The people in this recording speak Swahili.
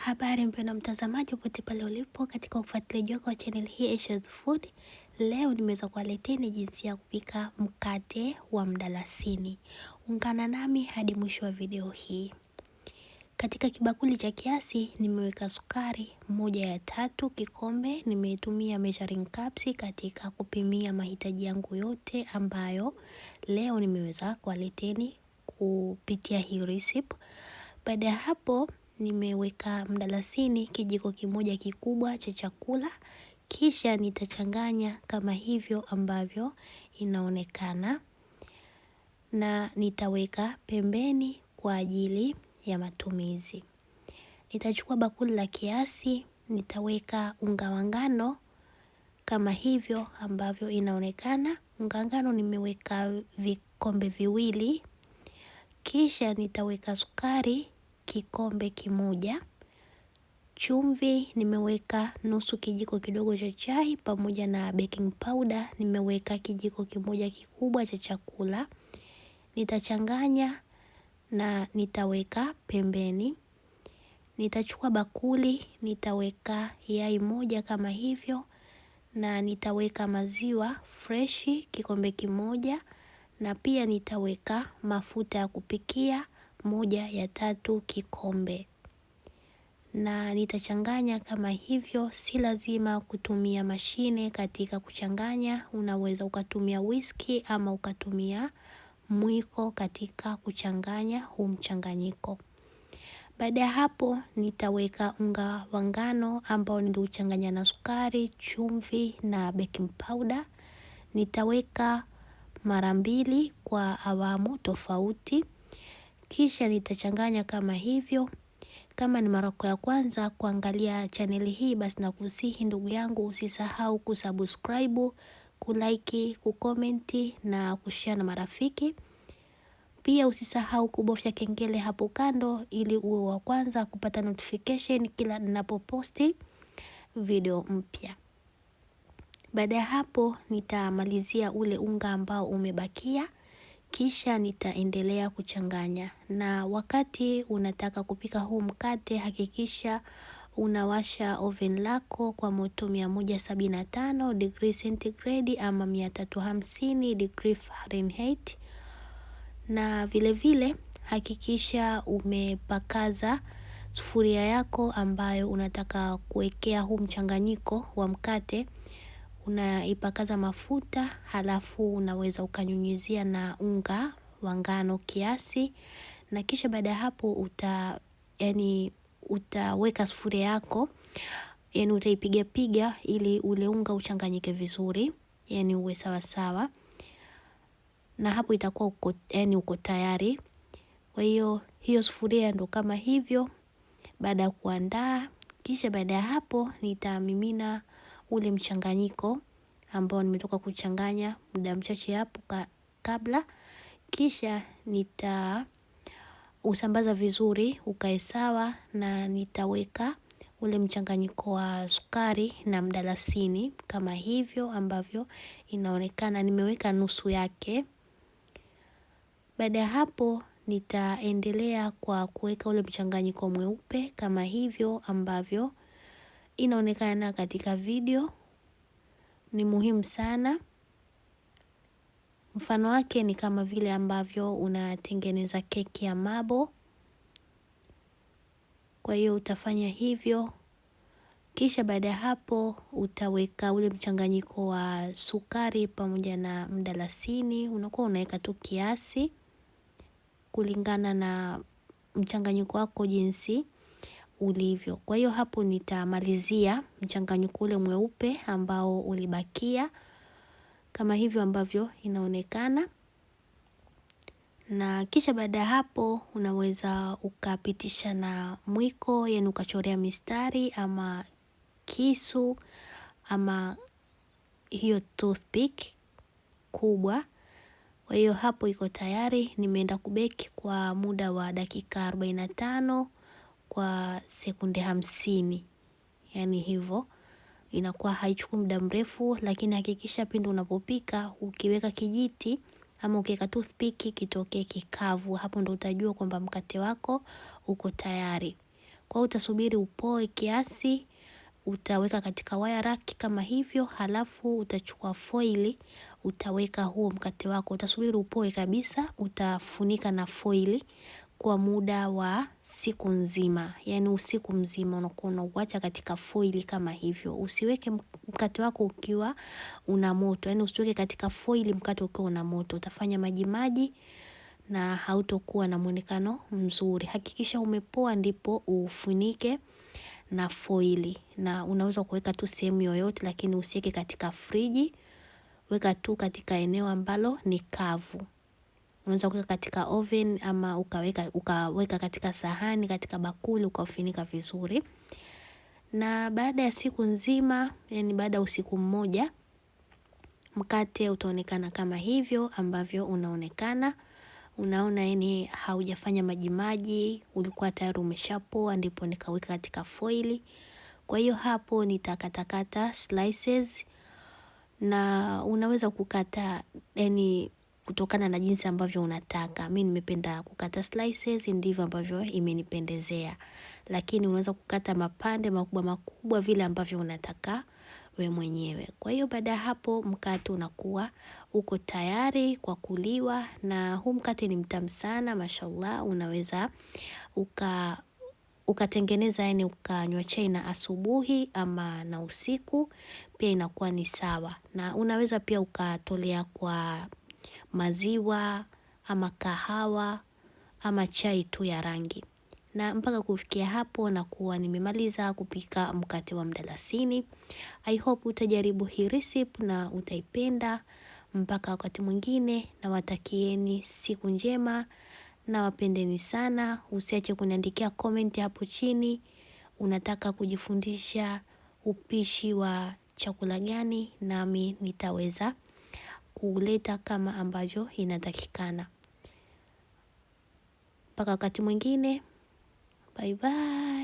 Habari mpendwa mtazamaji, popote pale ulipo katika ufuatiliaji wako wa channel hii Aisha's Food. Leo nimeweza kuwaleteni jinsi ya kupika mkate wa mdalasini. Ungana nami hadi mwisho wa video hii. Katika kibakuli cha kiasi nimeweka sukari moja ya tatu kikombe. Nimetumia measuring cups katika kupimia mahitaji yangu yote ambayo leo nimeweza kuwaleteni kupitia hii recipe. Baada ya hapo nimeweka mdalasini kijiko kimoja kikubwa cha chakula kisha nitachanganya kama hivyo ambavyo inaonekana na nitaweka pembeni kwa ajili ya matumizi. Nitachukua bakuli la kiasi, nitaweka unga wa ngano kama hivyo ambavyo inaonekana. Unga wa ngano nimeweka vikombe viwili, kisha nitaweka sukari kikombe kimoja. Chumvi nimeweka nusu kijiko kidogo cha chai pamoja na baking powder nimeweka kijiko kimoja kikubwa cha chakula. Nitachanganya na nitaweka pembeni. Nitachukua bakuli, nitaweka yai moja kama hivyo na nitaweka maziwa freshi kikombe kimoja na pia nitaweka mafuta ya kupikia moja ya tatu kikombe na nitachanganya kama hivyo. Si lazima kutumia mashine katika kuchanganya, unaweza ukatumia whisky ama ukatumia mwiko katika kuchanganya huu mchanganyiko. Baada ya hapo, nitaweka unga wa ngano ambao niliuchanganya na sukari, chumvi na baking powder. Nitaweka mara mbili kwa awamu tofauti kisha nitachanganya kama hivyo. Kama ni mara yako ya kwanza kuangalia chaneli hii, basi nakusihi ndugu yangu, usisahau kusubscribe, kulike, kukomenti na kushare na marafiki. Pia usisahau kubofya kengele hapo kando ili uwe wa kwanza kupata notification kila ninapoposti video mpya. Baada ya hapo nitamalizia ule unga ambao umebakia kisha nitaendelea kuchanganya. Na wakati unataka kupika huu mkate, hakikisha unawasha oven lako kwa moto 175 degree centigrade ama 350 degree Fahrenheit, na vile vile hakikisha umepakaza sufuria yako ambayo unataka kuwekea huu mchanganyiko wa mkate unaipakaza mafuta halafu unaweza ukanyunyizia na unga wa ngano kiasi na kisha baada ya hapo uta yani utaweka sufuria yako yani utaipiga piga ili ule unga uchanganyike vizuri yani uwe sawa sawa, na hapo itakuwa uko, yani uko tayari. Kwa hiyo hiyo sufuria ndo kama hivyo baada ya kuandaa. Kisha baada ya hapo nitamimina ule mchanganyiko ambao nimetoka kuchanganya muda mchache hapo kabla, kisha nita usambaza vizuri ukae sawa, na nitaweka ule mchanganyiko wa sukari na mdalasini kama hivyo ambavyo inaonekana nimeweka nusu yake. Baada ya hapo nitaendelea kwa kuweka ule mchanganyiko mweupe kama hivyo ambavyo inaonekana katika video ni muhimu sana. Mfano wake ni kama vile ambavyo unatengeneza keki ya mabo. Kwa hiyo utafanya hivyo, kisha baada ya hapo utaweka ule mchanganyiko wa sukari pamoja na mdalasini. Unakuwa unaweka tu kiasi kulingana na mchanganyiko wako jinsi ulivyo. Kwa hiyo hapo nitamalizia mchanganyiko ule mweupe ambao ulibakia kama hivyo ambavyo inaonekana, na kisha baada ya hapo unaweza ukapitisha na mwiko, yani ukachorea mistari ama kisu ama hiyo toothpick kubwa. Kwa hiyo hapo iko tayari, nimeenda kubeki kwa muda wa dakika 45 kwa sekunde hamsini, yani hivyo inakuwa haichukui muda mrefu, lakini hakikisha pindi unapopika ukiweka kijiti ama ukiweka toothpick kitokee kikavu. Hapo ndo utajua kwamba mkate wako uko tayari. Kwa hiyo utasubiri upoe kiasi, utaweka katika wire rack kama hivyo, halafu utachukua foili utaweka huo mkate wako, utasubiri upoe kabisa, utafunika na foili kwa muda wa siku nzima, yaani usiku mzima unakuwa unauacha katika foili kama hivyo. Usiweke mkate wako ukiwa una moto, yaani usiweke katika foili mkate ukiwa una moto, utafanya majimaji na hautokuwa na mwonekano mzuri. Hakikisha umepoa ndipo ufunike na foili, na unaweza kuweka tu sehemu yoyote, lakini usiweke katika friji, weka tu katika eneo ambalo ni kavu. Unaweza kuweka katika oven ama ukaweka, ukaweka katika sahani, katika bakuli, ukafunika vizuri. Na baada ya siku nzima, yani baada ya usiku mmoja, mkate utaonekana kama hivyo ambavyo unaonekana. Unaona yani haujafanya majimaji, ulikuwa tayari umeshapoa, ndipo nikaweka katika foili. Kwa hiyo hapo nitakatakata slices na unaweza kukata yani kutokana na jinsi ambavyo unataka. Mimi nimependa kukata slices, ndivyo ambavyo imenipendezea, lakini unaweza kukata mapande makubwa makubwa vile ambavyo unataka we mwenyewe. Kwa hiyo baada ya hapo, mkate unakuwa uko tayari kwa kuliwa, na huu mkate ni mtamu sana, mashallah. Unaweza uka ukatengeneza yani, ukanywa chai na asubuhi ama na usiku, pia inakuwa ni sawa, na unaweza pia ukatolea kwa maziwa ama kahawa ama chai tu ya rangi. Na mpaka kufikia hapo nakuwa nimemaliza kupika mkate wa mdalasini. I hope utajaribu hii recipe na utaipenda mpaka wakati mwingine nawatakieni siku njema nawapendeni sana. Usiache kuniandikia comment hapo chini. Unataka kujifundisha upishi wa chakula gani nami nitaweza kuleta kama ambavyo inatakikana. Mpaka wakati mwingine, bye bye.